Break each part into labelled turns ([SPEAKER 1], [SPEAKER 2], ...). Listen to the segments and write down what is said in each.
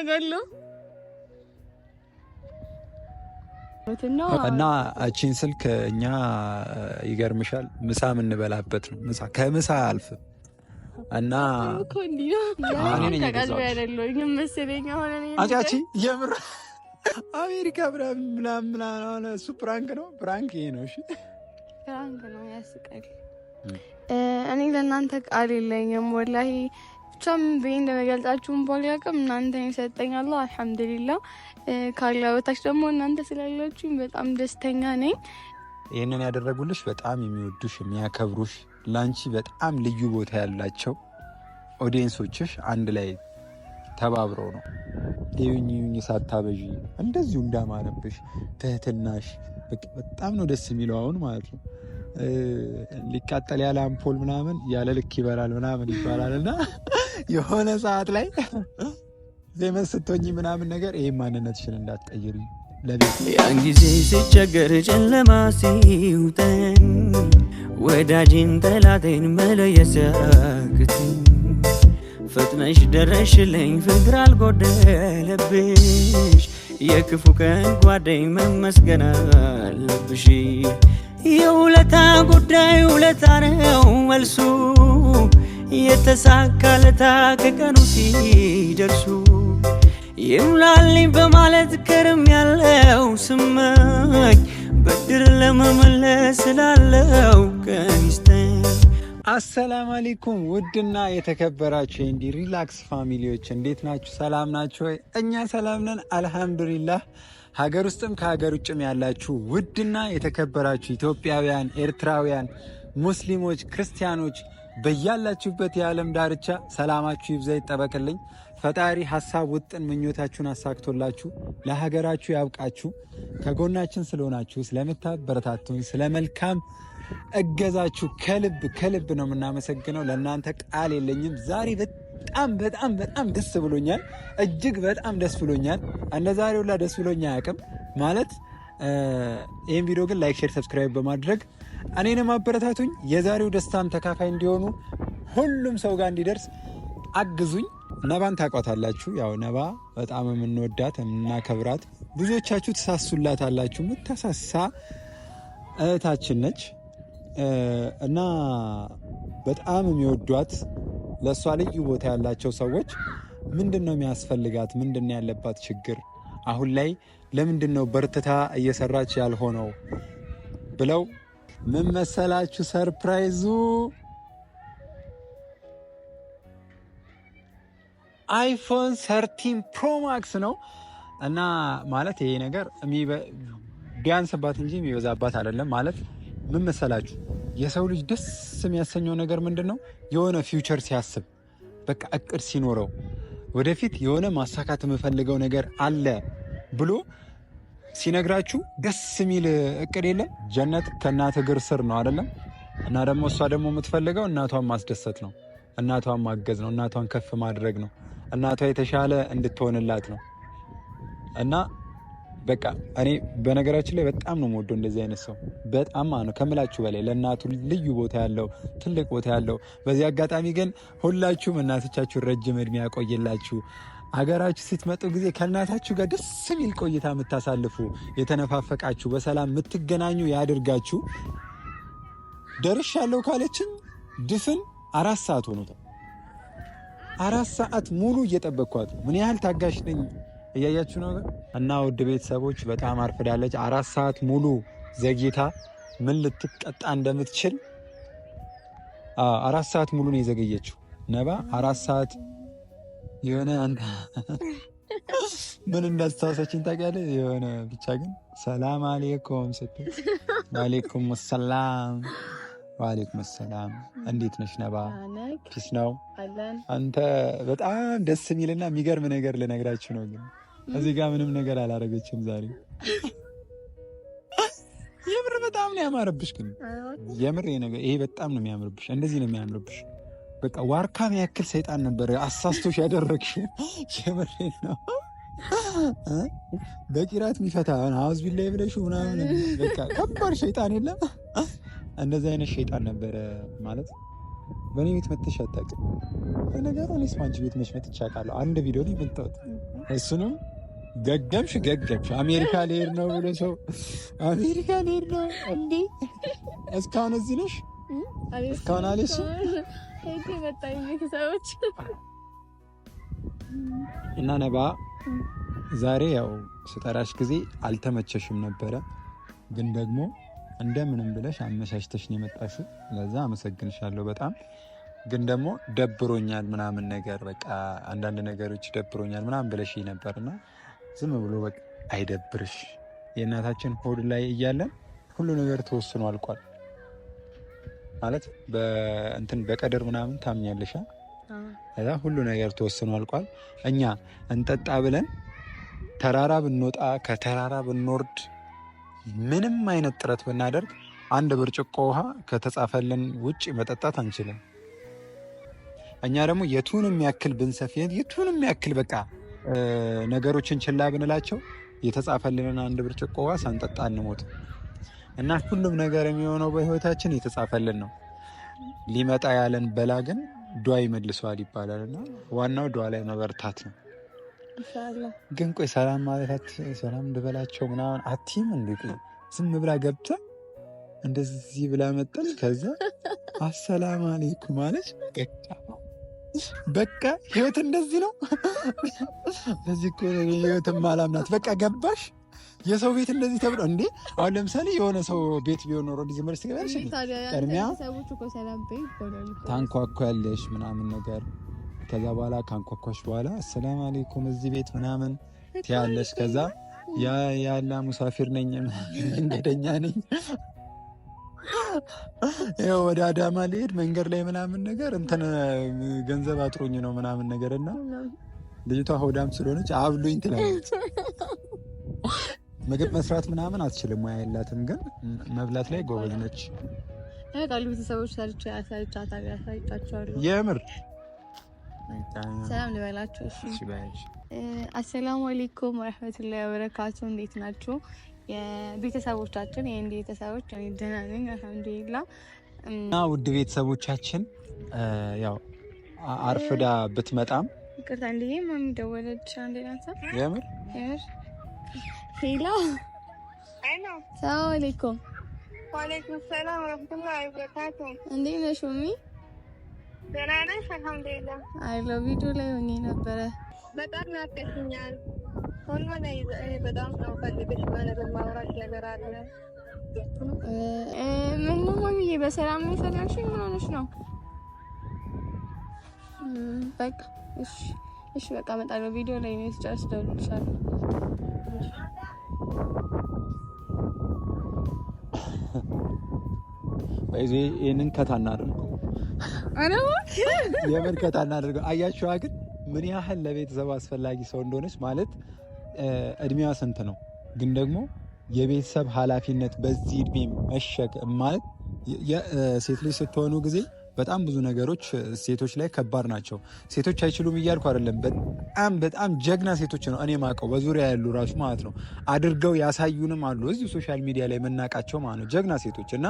[SPEAKER 1] ያደርጋሉ።
[SPEAKER 2] እና እቺን ስልክ እኛ ይገርምሻል ምሳ የምንበላበት ነው። ምሳ ከምሳ አልፍ እና አጫቺ የምር አሜሪካ ምናምን እሱ ፕራንክ ነው። ፕራንክ ይሄ ነው። እሺ
[SPEAKER 1] ፕራንክ ነው። ያስቀል። እኔ ለእናንተ ቃል የለኝም ወላሂ ብቻም ብዬ እንደመገልጻችሁም ባል ያቅም እናንተ ይሰጠኛለሁ። አልሐምዱሊላ ካላ በታች ደግሞ እናንተ ስላላችሁኝ በጣም ደስተኛ ነኝ።
[SPEAKER 2] ይህንን ያደረጉልሽ በጣም የሚወዱሽ የሚያከብሩሽ፣ ለአንቺ በጣም ልዩ ቦታ ያላቸው ኦዲየንሶችሽ አንድ ላይ ተባብረው ነው ይሁኝ ይሁኝ እንደዚሁ እንዳማረብሽ ትህትናሽ በጣም ነው ደስ የሚለው። አሁን ማለት ነው ሊቃጠል ያለ አምፖል ምናምን ያለ ልክ ይበላል ምናምን ይባላል እና የሆነ ሰዓት ላይ ፌመስ ስትሆኝ ምናምን ነገር ይህ ማንነትሽን እንዳትቀይሪ። ለቤት ያን ጊዜ ሲቸገር ጨለማ ሲውጠን ወዳጅን ጠላቴን መለየሰክት ፈጥነሽ ደረሽልኝ፣ ፍቅር አልጎደለብሽ፣ የክፉ ቀን ጓደኝ መመስገን አለብሽ። የውለታ ጉዳይ ውለታ ነው መልሱ የተሳካለታ ከቀኑ ሲደርሱ ይሙላልኝ በማለት ከርም ያለው ስመኝ ብድር ለመመለስ ስላለው ቀሚስተኝ። አሰላም አለይኩም ውድና የተከበራችሁ እንዲ ሪላክስ ፋሚሊዎች እንዴት ናችሁ? ሰላም ናችሁ ወይ? እኛ ሰላም ነን አልሐምዱሊላህ። ሀገር ውስጥም ከሀገር ውጭም ያላችሁ ውድና የተከበራችሁ ኢትዮጵያውያን፣ ኤርትራውያን፣ ሙስሊሞች፣ ክርስቲያኖች በያላችሁበት የዓለም ዳርቻ ሰላማችሁ ይብዛ ይጠበቅልኝ። ፈጣሪ ሀሳብ ውጥን ምኞታችሁን አሳክቶላችሁ ለሀገራችሁ ያብቃችሁ። ከጎናችን ስለሆናችሁ ስለምታበረታቱን፣ ስለ መልካም እገዛችሁ ከልብ ከልብ ነው የምናመሰግነው። ለእናንተ ቃል የለኝም። ዛሬ በጣም በጣም በጣም ደስ ብሎኛል። እጅግ በጣም ደስ ብሎኛል። እንደ ዛሬው ላ ደስ ብሎኛ አያውቅም ማለት ይህን ቪዲዮ ግን ላይክ፣ ሼር፣ ሰብስክራይብ በማድረግ እኔንም አበረታቱኝ። የዛሬው ደስታም ተካፋይ እንዲሆኑ ሁሉም ሰው ጋር እንዲደርስ አግዙኝ። ነባን ታቋታላችሁ ያው ነባ በጣም የምንወዳት የምናከብራት፣ ብዙዎቻችሁ ትሳሱላታላችሁ አላችሁ። የምታሳሳ እህታችን ነች እና በጣም የሚወዷት ለእሷ ልዩ ቦታ ያላቸው ሰዎች ምንድን ነው የሚያስፈልጋት፣ ምንድን ነው ያለባት ችግር አሁን ላይ ለምንድን ነው በርትታ እየሰራች ያልሆነው ብለው ምን መሰላችሁ ሰርፕራይዙ አይፎን ሰርቲን ፕሮማክስ ነው እና ማለት ይሄ ነገር ቢያንስባት እንጂ የሚበዛባት አይደለም። ማለት ምን መሰላችሁ የሰው ልጅ ደስ የሚያሰኘው ነገር ምንድን ነው? የሆነ ፊውቸር ሲያስብ፣ በቃ እቅድ ሲኖረው፣ ወደፊት የሆነ ማሳካት የምፈልገው ነገር አለ ብሎ ሲነግራችሁ ደስ የሚል እቅድ የለም። ጀነት ከእናት እግር ስር ነው አይደለም? እና ደግሞ እሷ ደግሞ የምትፈልገው እናቷን ማስደሰት ነው፣ እናቷን ማገዝ ነው፣ እናቷን ከፍ ማድረግ ነው፣ እናቷ የተሻለ እንድትሆንላት ነው። እና በቃ እኔ በነገራችን ላይ በጣም ነው የምወደው እንደዚህ አይነት ሰው በጣም ነው ከምላችሁ በላይ ለእናቱ ልዩ ቦታ ያለው ትልቅ ቦታ ያለው። በዚህ አጋጣሚ ግን ሁላችሁም እናቶቻችሁን ረጅም እድሜ ያቆየላችሁ። አገራችሁ ስትመጡ ጊዜ ከእናታችሁ ጋር ደስ የሚል ቆይታ የምታሳልፉ የተነፋፈቃችሁ በሰላም የምትገናኙ ያድርጋችሁ። ደርሻለሁ ካለችን ድፍን አራት ሰዓት ሆኖታል። አራት ሰዓት ሙሉ እየጠበቅኳት ምን ያህል ታጋሽ ነኝ እያያችሁ ነው። እና ውድ ቤተሰቦች በጣም አርፍዳለች። አራት ሰዓት ሙሉ ዘግይታ ምን ልትቀጣ እንደምትችል አራት ሰዓት ሙሉ ነው የዘገየችው ነባ አራት ሰዓት የሆነ አንተ ምን እንዳስታወሰችን ታውቂያለህ? የሆነ ብቻ ግን ሰላም አሌኩም ስትል ዋሌኩም ሰላም ዋሌኩም ሰላም እንዴት ነሽ ነባ ፊስ ነው። አንተ በጣም ደስ የሚልና የሚገርም ነገር ልነግራችሁ ነው፣ ግን እዚህ ጋር ምንም ነገር አላደረገችም ዛሬ። የምር በጣም ነው ያማረብሽ፣ ግን የምር ይሄ በጣም ነው የሚያምርብሽ። እንደዚህ ነው የሚያምርብሽ በቃ ዋርካ ያክል ሰይጣን ነበር አሳስቶሽ ያደረግሽ። ሸመሬ ነው በቂራት የሚፈታ አውዝ ቢላይ ብለሽ ምናምን በቃ ከባድ ሸይጣን የለም። እንደዚህ አይነት ሸይጣን ነበረ ማለት በእኔ ቤት መጥተሽ አታውቂም። በነገሩ እኔስ ማንች ቤት መች መጥቼ አውቃለሁ? አንድ ቪዲዮ ላይ መጣሁት። እሱንም ገገምሽ ገገምሽ። አሜሪካ ልሄድ ነው ብሎ ሰው አሜሪካ ልሄድ ነው እንዴ? እስካሁን እዚህ ነሽ? እስካሁን አልሄድሽም እና ነባ ዛሬ ያው ስጠራሽ ጊዜ አልተመቸሽም ነበረ፣ ግን ደግሞ እንደምንም ብለሽ አመሻሽተሽ ነው የመጣሽው። ለዛ አመሰግንሻለሁ በጣም ግን ደግሞ ደብሮኛል ምናምን ነገር በቃ አንዳንድ ነገሮች ደብሮኛል ምናምን ብለሽ ነበርና ዝም ብሎ በቃ አይደብርሽ። የእናታችን ሆድ ላይ እያለን ሁሉ ነገር ተወስኖ አልቋል። ማለት በእንትን በቀደር ምናምን ታምኛለሻ እዛ ሁሉ ነገር ተወስኖ አልቋል። እኛ እንጠጣ ብለን ተራራ ብንወጣ ከተራራ ብንወርድ ምንም አይነት ጥረት ብናደርግ አንድ ብርጭቆ ውሃ ከተጻፈልን ውጭ መጠጣት አንችልም። እኛ ደግሞ የቱንም ያክል ብንሰፊ የቱንም ያክል በቃ ነገሮችን ችላ ብንላቸው የተጻፈልንን አንድ ብርጭቆ ውሃ ሳንጠጣ አንሞት። እና ሁሉም ነገር የሚሆነው በህይወታችን የተጻፈልን ነው። ሊመጣ ያለን በላ ግን ዱዋ ይመልሰዋል ይባላል እና ዋናው ዱዋ ላይ መበርታት ነው። ግን ቆይ ሰላም ማለት ሰላም ልበላቸው ምናምን አቲም እንዲ ዝም ብላ ገብተ እንደዚህ ብላ መጠል ከዛ አሰላም አሌይኩም ማለች በቃ ህይወት እንደዚህ ነው። በዚህ ህይወት ማላምናት በቃ ገባሽ የሰው ቤት እንደዚህ ተብሎ እንዴ? አሁን ለምሳሌ የሆነ ሰው ቤት ቢሆን ኖሮ እንደዚህ መልስ ትገባለሽ። ቅድሚያ ታንኳኳያለሽ ምናምን ነገር ከዛ በኋላ ካንኳኳሽ በኋላ አሰላም አሌይኩም እዚህ ቤት ምናምን ትያለሽ። ከዛ ያ ያላ ሙሳፊር ነኝ መንገደኛ ነኝ ያው ወደ አዳማ ሊሄድ መንገድ ላይ ምናምን ነገር እንትን ገንዘብ አጥሮኝ ነው ምናምን ነገር እና ልጅቷ ሆዳም ስለሆነች አብሉኝ ትላለች። ምግብ መስራት ምናምን አትችልም፣ ሙያ የላትም፣ ግን መብላት ላይ ጎበዝ ነች።
[SPEAKER 1] ያውቃሉ ቤተሰቦች ሰርቼ አሳይቻቸዋለሁ። የምር ሰላም ልበላችሁ። አሰላሙ አለይኩም ወረሕመቱላሂ ወበረካቱ። እንዴት ናችሁ የቤተሰቦቻችን? ይህን ቤተሰቦች ደህና ነኝ አልሐምዱሊላ።
[SPEAKER 2] እና ውድ ቤተሰቦቻችን ያው አርፍዳ ብትመጣም
[SPEAKER 1] ይቅርታ እንዲ ማሚ ደወለች። አንዴ ናሳ
[SPEAKER 2] የምር የምር
[SPEAKER 1] ሄሎ፣ ሰላም አለይኩም። ወአለይኩም ሰላም ወራህመቱላሂ ወበረካቱ። እንዴት ነሽ ኡሚ? ደህና ነሽ? አልሐምዱሊላህ። አይ ቪዲዮ ላይ ሆኜ ነበረ። በጣም ናፍቀሽኛል። ሁሉ ላይ በጣም ነው ፈልገሽ ማለት ማውራት ነገር አለ። ምን ነው ኡሚዬ፣ በሰላም ነው የፈለግሽኝ? ምን ሆነሽ ነው? በቃ እሺ፣ እሺ፣ በቃ እመጣለሁ። ቪዲዮ ላይ ነው ስጨርስ ደውልልሻለሁ።
[SPEAKER 2] ይዜ ይህንን ከታ እናድርገው፣ የምር ከታ እናድርገው። አያችኋ ግን ምን ያህል ለቤተሰብ አስፈላጊ ሰው እንደሆነች ማለት እድሜዋ ስንት ነው? ግን ደግሞ የቤተሰብ ሀላፊነት በዚህ እድሜ መሸቅ ማለት ሴት ልጅ ስትሆኑ ጊዜ በጣም ብዙ ነገሮች ሴቶች ላይ ከባድ ናቸው። ሴቶች አይችሉም እያልኩ አይደለም። በጣም በጣም ጀግና ሴቶች ነው እኔ ማውቀው በዙሪያ ያሉ ራሱ ማለት ነው አድርገው ያሳዩንም አሉ እዚሁ ሶሻል ሚዲያ ላይ የምናውቃቸው ማለት ነው ጀግና ሴቶች እና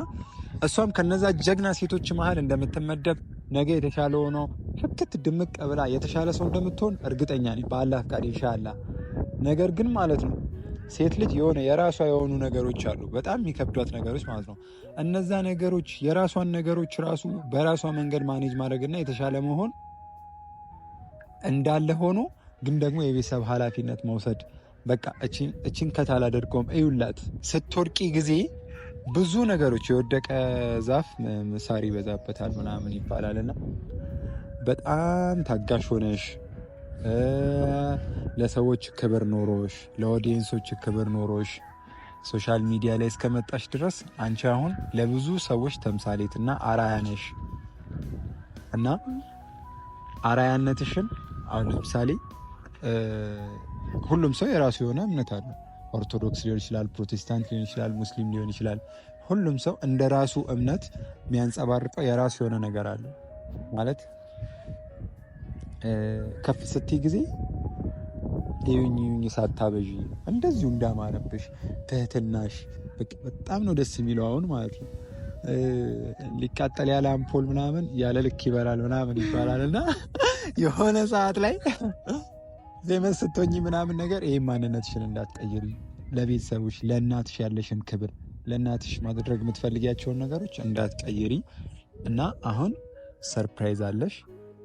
[SPEAKER 2] እሷም ከነዛ ጀግና ሴቶች መሀል እንደምትመደብ ነገ የተሻለ ሆኖ ፍክት ድምቅ ብላ የተሻለ ሰው እንደምትሆን እርግጠኛ ነኝ። በአላህ ፍቃድ ኢንሻላህ። ነገር ግን ማለት ነው ሴት ልጅ የሆነ የራሷ የሆኑ ነገሮች አሉ፣ በጣም የሚከብዷት ነገሮች ማለት ነው። እነዛ ነገሮች የራሷን ነገሮች ራሱ በራሷ መንገድ ማኔጅ ማድረግና የተሻለ መሆን እንዳለ ሆኖ ግን ደግሞ የቤተሰብ ኃላፊነት መውሰድ በቃ እችን ከታል አደርገውም እዩላት ስትወድቂ ጊዜ ብዙ ነገሮች የወደቀ ዛፍ ምሳር ይበዛበታል ምናምን ይባላልና በጣም ታጋሽ ሆነሽ ለሰዎች ክብር ኖሮሽ፣ ለኦዲየንሶች ክብር ኖሮሽ ሶሻል ሚዲያ ላይ እስከመጣሽ ድረስ አንቺ አሁን ለብዙ ሰዎች ተምሳሌትና አራያ ነሽ እና አራያነትሽን አሁን ለምሳሌ ሁሉም ሰው የራሱ የሆነ እምነት አለው። ኦርቶዶክስ ሊሆን ይችላል፣ ፕሮቴስታንት ሊሆን ይችላል፣ ሙስሊም ሊሆን ይችላል። ሁሉም ሰው እንደ ራሱ እምነት የሚያንጸባርቀው የራሱ የሆነ ነገር አለ ማለት ከፍ ስትይ ጊዜ ዩኝ ዩኝ ሳታበዢ እንደዚሁ እንዳማረብሽ ትህትናሽ በጣም ነው ደስ የሚለው። አሁን ማለት ነው ሊቃጠል ያለ አምፖል ምናምን ያለ ልክ ይበላል ምናምን ይባላል እና የሆነ ሰዓት ላይ ዜመን ስትሆኚ ምናምን ነገር ይህ ማንነትሽን እንዳትቀይሪ፣ ለቤተሰቦች ለእናትሽ ያለሽን ክብር ለእናትሽ ማድረግ የምትፈልጊያቸውን ነገሮች እንዳትቀይሪ እና አሁን ሰርፕራይዝ አለሽ።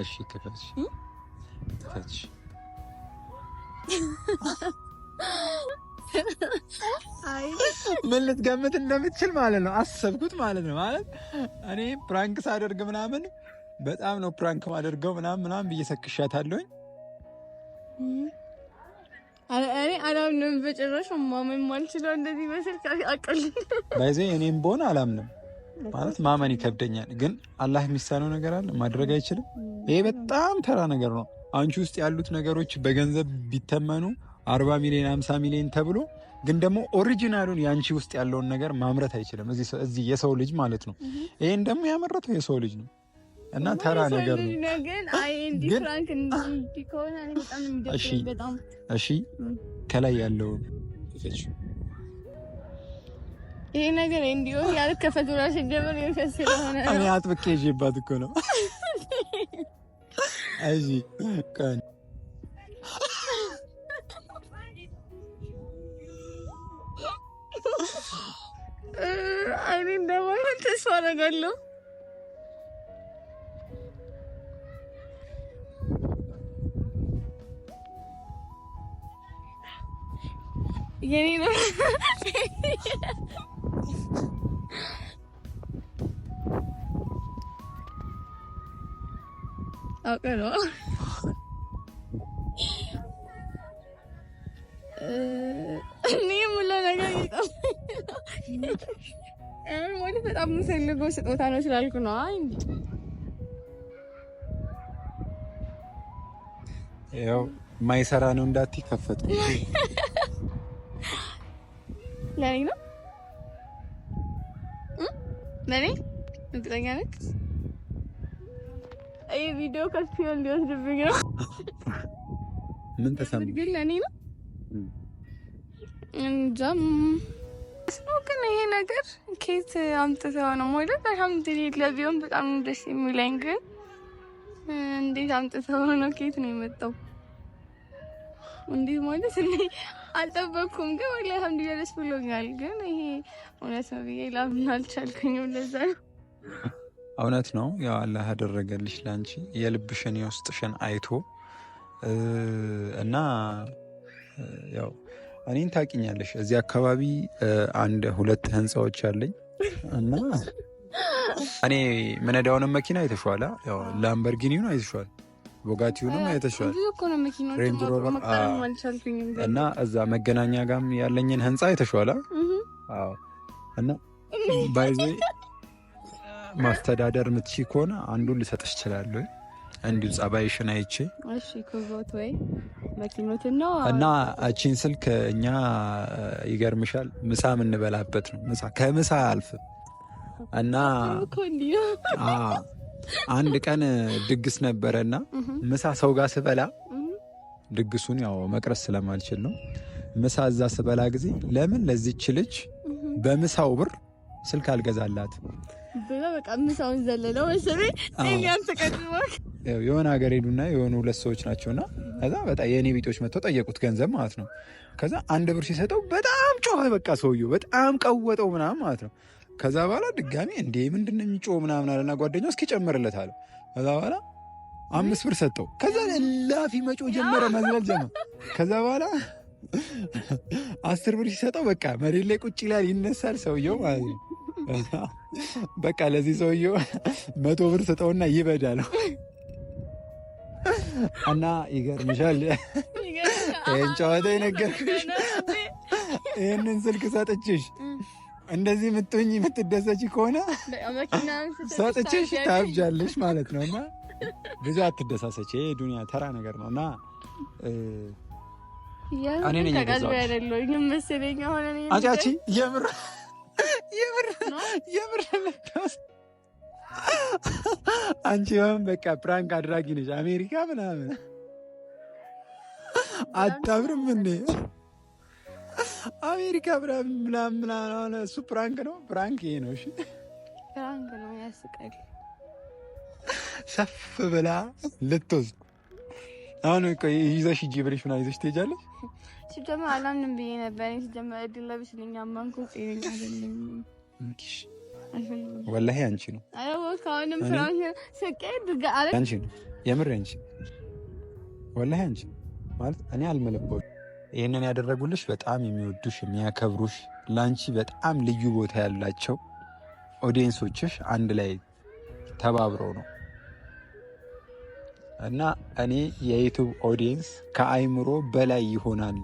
[SPEAKER 2] እሺ ክፈትሽ፣ ክፈትሽ። ምን ልትገምት እንደምትችል ማለት ነው አሰብኩት ማለት ነው። ማለት እኔ ፕራንክ ሳደርግ ምናምን በጣም ነው ፕራንክ ማደርገው ምናምን ምናምን ብዬ ሰክሻታለሁኝ።
[SPEAKER 1] እኔ አላምንም በጭራሽ። ማመን ማልችለው እንደዚህ በስልክ አቀል
[SPEAKER 2] ባይዜ እኔም በሆነ አላምንም ማለት ማመን ይከብደኛል። ግን አላህ የሚሳነው ነገር አለ? ማድረግ አይችልም። ይሄ በጣም ተራ ነገር ነው። አንቺ ውስጥ ያሉት ነገሮች በገንዘብ ቢተመኑ አርባ ሚሊዮን አምሳ ሚሊዮን ተብሎ ግን ደግሞ ኦሪጂናሉን የአንቺ ውስጥ ያለውን ነገር ማምረት አይችልም እዚህ የሰው ልጅ ማለት ነው። ይህን ደግሞ ያመረተው የሰው ልጅ ነው እና ተራ ነገር ነው። እሺ ከላይ ያለውን
[SPEAKER 1] ይሄ ነገር እንዲሁም ያልከፈቱ ራሽ ጀመር የፈስ ስለሆነ
[SPEAKER 2] እኔ አጥብቄ ይዤባት እኮ ነው። እሺ ቀን
[SPEAKER 1] አይኔ እንደማይ ተስፋ አደርጋለሁ። የኔ ነው አውቀህ ነው እኔ የምለው ነገር ማለት በጣም የምፈልገው ስጦታ ነው ስላልኩ ነው። አይ
[SPEAKER 2] ያው ማይሰራ ነው እንዳት ይከፈት
[SPEAKER 1] ለኔ ነው ለኔ እርግጠኛ ነች። ይህ ቪዲዮ ከሱ ሊወስድብኝ ነው። ምን ተሰማኝ? ለእኔ ነው እንጃም እሱ ግን ይሄ ነገር ኬት አምጥተው ነው ማለት አልሐምዱሊላ ቢሆን በጣም ደስ የሚለኝ ግን እንዴት አምጥተው ነው? ኬት ነው የመጣው? እንዲህ ማለት እኔ አልጠበኩም፣ ግን ወላሂ አልሐምዱሊላ ደስ ብሎኛል። ግን ይሄ እውነት ነው ብዬ ላምን አልቻልኩኝም። ለዛ ነው
[SPEAKER 2] እውነት ነው። ያው አላህ ያደረገልሽ ላንቺ የልብሽን የውስጥሽን አይቶ እና ያው እኔን ታውቂኛለሽ። እዚህ አካባቢ አንድ ሁለት ህንፃዎች አለኝ እና እኔ ምነዳውንም መኪና አይተሸዋል። ያው ላምበርጊኒውን አይተሸዋል፣ ቦጋቲውንም አይተሸዋል፣ ሬንጅ ሮቨር እና እዛ መገናኛ ጋም ያለኝን ህንፃ አይተሸዋል እና ባይዘ ማስተዳደር ምትቺ ከሆነ አንዱን ልሰጥሽ እችላለሁ። እንዲሁ ጸባይሽን አይቼ እና አቺን ስልክ እኛ ይገርምሻል ምሳ የምንበላበት ነው። ምሳ ከምሳ አያልፍም እና አንድ ቀን ድግስ ነበረና ምሳ ሰው ጋር ስበላ ድግሱን ያው መቅረስ ስለማልችል ነው። ምሳ እዛ ስበላ ጊዜ ለምን ለዚች ልጅ በምሳው ብር ስልክ አልገዛላት
[SPEAKER 1] ብሎ በቃ ምሳውን ዘለለው መሰለኝ። እኛም ተቀድመው
[SPEAKER 2] የሆነ ሀገር ሄዱና የሆኑ ሁለት ሰዎች ናቸውና ከዛ በጣም የእኔ ቢጦች መጥተው ጠየቁት ገንዘብ ማለት ነው። ከዛ አንድ ብር ሲሰጠው በጣም ጮኸ። በቃ ሰውየው በጣም ቀወጠው ምናምን ማለት ነው። ከዛ በኋላ ድጋሚ እንዴ ምንድን ነው የሚጮህ ምናምን አለና ጓደኛው እስኪጨምርለት አለ። ከዛ በኋላ አምስት ብር ሰጠው። ከዛ ላፊ መጮ ጀመረ፣ መዝለል ጀመረ። ከዛ በኋላ አስር ብር ሲሰጠው በቃ መሬት ላይ ቁጭ ይላል፣ ይነሳል ሰውየው ማለት ነው። በቃ ለዚህ ሰውዬው መቶ ብር ስጠውና ይበዳል እና ይገርምሻል፣ ይህን ጨዋታ የነገርኩሽ ይህንን ስልክ ሰጥችሽ እንደዚህ ምትኝ የምትደሰች ከሆነ ሰጥችሽ ታብጃለሽ ማለት ነው። እና ብዙ አትደሳሰች፣ ይሄ ዱኒያ ተራ ነገር ነው። እና
[SPEAKER 1] እኔ ነኝ ገዛሁት።
[SPEAKER 2] አጫቺ የምር የምር ለካስ አንቺ ሆን በቃ ፕራንክ አድራጊ ነች። አሜሪካ ምናምን አታብርም እኔ አሜሪካ ምናምን ምናምን ሆነ። እሱ ፕራንክ ነው፣ ፕራንክ ይሄ ነው። እሺ
[SPEAKER 1] ፕራንክ ነው። ያስቀል
[SPEAKER 2] ሰፍ ብላ ልትወስድ አሁን ይዘሽ ሂጂ ብለሽ ምናምን ይዘሽ ትሄጃለሽ
[SPEAKER 1] ሲጀመር አላምንም ብዬ ነበር። ሲጀመር እድል ለቢስ ነኝ። ጤነኛ
[SPEAKER 2] አይደለም። ወላሂ አንቺ ነው። የምር አንቺ ወላሂ አንቺ ማለት እኔ አልመለበሉ ይህንን ያደረጉልሽ በጣም የሚወዱሽ የሚያከብሩሽ፣ ለአንቺ በጣም ልዩ ቦታ ያላቸው ኦዲየንሶችሽ አንድ ላይ ተባብረው ነው እና እኔ የዩቱብ ኦዲየንስ ከአይምሮ በላይ ይሆናል፣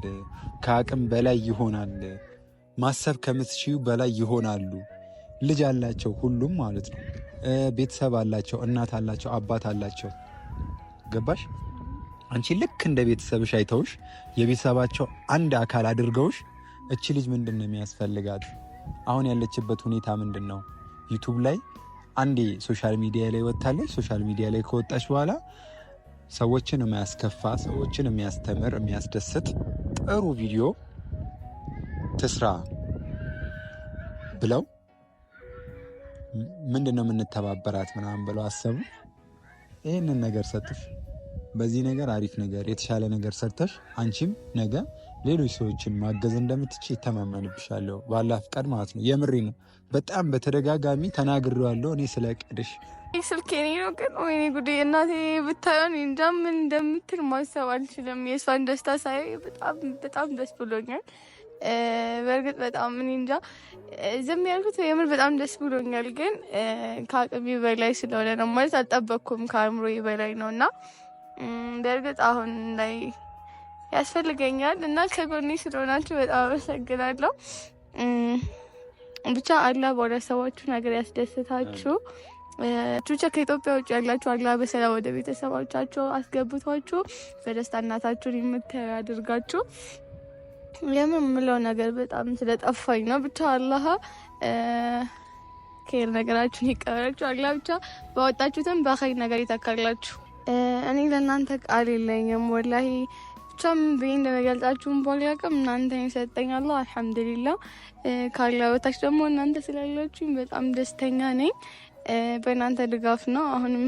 [SPEAKER 2] ከአቅም በላይ ይሆናል፣ ማሰብ ከምትችዩ በላይ ይሆናሉ። ልጅ አላቸው ሁሉም ማለት ነው። ቤተሰብ አላቸው፣ እናት አላቸው፣ አባት አላቸው። ገባሽ? አንቺ ልክ እንደ ቤተሰብሽ አይተውሽ የቤተሰባቸው አንድ አካል አድርገውሽ እቺ ልጅ ምንድን ነው የሚያስፈልጋት? አሁን ያለችበት ሁኔታ ምንድን ነው? ዩቱብ ላይ አንዴ ሶሻል ሚዲያ ላይ ወጥታለች። ሶሻል ሚዲያ ላይ ከወጣች በኋላ ሰዎችን የሚያስከፋ ሰዎችን የሚያስተምር የሚያስደስት ጥሩ ቪዲዮ ትስራ ብለው ምንድን ነው የምንተባበራት ምናምን ብለው አሰቡ። ይህንን ነገር ሰጥፍ፣ በዚህ ነገር አሪፍ ነገር የተሻለ ነገር ሰርተሽ አንቺም ነገ ሌሎች ሰዎችን ማገዝ እንደምትች ይተማመንብሻለሁ። ባላ ፍቃድ ማለት ነው። የምሬ ነው። በጣም በተደጋጋሚ ተናግሬዋለሁ። እኔ ስለ ቅድሽ
[SPEAKER 1] ስልኬ ነው። ግን ወይኔ ጉዴ እናቴ ብታየን እንጃ ምን እንደምትል ማሰብ አልችልም። የእሷን ደስታ ሳይ በጣም በጣም ደስ ብሎኛል። በእርግጥ በጣም እኔ እንጃ ዝም ያልኩት የምር በጣም ደስ ብሎኛል። ግን ከአቅሜ በላይ ስለሆነ ነው ማለት አልጠበቅኩም። ከአእምሮ በላይ ነው እና በእርግጥ አሁን ላይ ያስፈልገኛል እና ከጎኔ ስለሆናችሁ በጣም አመሰግናለሁ። ብቻ አላህ በወደሰባችሁ ነገር ያስደስታችሁ። ቹቻ ከኢትዮጵያ ውጭ ያላችሁ አላህ በሰላም ወደ ቤተሰባቻችሁ አስገብቷችሁ በደስታ እናታችሁን የምታዩ አድርጋችሁ። የምምለው ነገር በጣም ስለጠፋኝ ነው። ብቻ አላህ ከይር ነገራችሁን ይቀበላችሁ። አላህ ብቻ ባወጣችሁትም በኸይር ነገር ይተካላችሁ። እኔ ለእናንተ ቃል የለኝም ወላሂ ብቻም ብዬ እንደመገልጻችሁም ባል ያቅም እናንተ ይሰጠኛለሁ። አልሐምዱሊላ ካላ በታች ደግሞ እናንተ ስላላችሁኝ በጣም ደስተኛ ነኝ። በእናንተ ድጋፍ ነው። አሁንም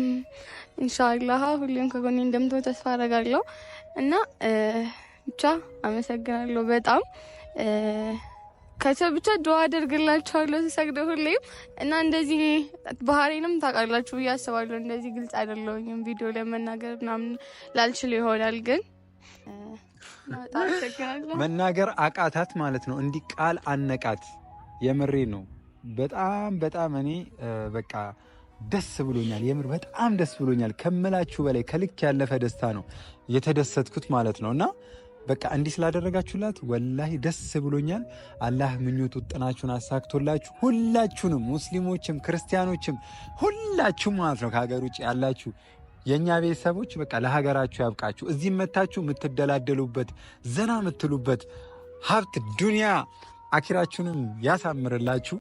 [SPEAKER 1] እንሻላ ሁሌም ከጎኔ እንደምቶ ተስፋ አረጋለሁ እና ብቻ አመሰግናለሁ በጣም ከቻ ብቻ ድዋ አደርግላችኋለሁ ሲሰግድ ሁሌም እና እንደዚህ ባህሪንም ታውቃላችሁ ብዬ አስባለሁ። እንደዚህ ግልጽ አይደለሁኝም ቪዲዮ ለመናገር ምናምን ላልችል ይሆናል ግን
[SPEAKER 2] መናገር አቃታት ማለት ነው። እንዲህ ቃል አነቃት። የምሬ ነው። በጣም በጣም እኔ በቃ ደስ ብሎኛል። የምር በጣም ደስ ብሎኛል ከምላችሁ በላይ ከልክ ያለፈ ደስታ ነው የተደሰትኩት ማለት ነው እና በቃ እንዲህ ስላደረጋችሁላት ወላሂ ደስ ብሎኛል። አላህ ምኞት ውጥናችሁን አሳክቶላችሁ ሁላችሁንም ሙስሊሞችም ክርስቲያኖችም ሁላችሁም ማለት ነው ከሀገር ውጭ ያላችሁ የእኛ ቤተሰቦች በቃ ለሀገራችሁ ያብቃችሁ። እዚህ መታችሁ የምትደላደሉበት ዘና የምትሉበት ሀብት ዱንያ አኪራችሁንም ያሳምርላችሁ።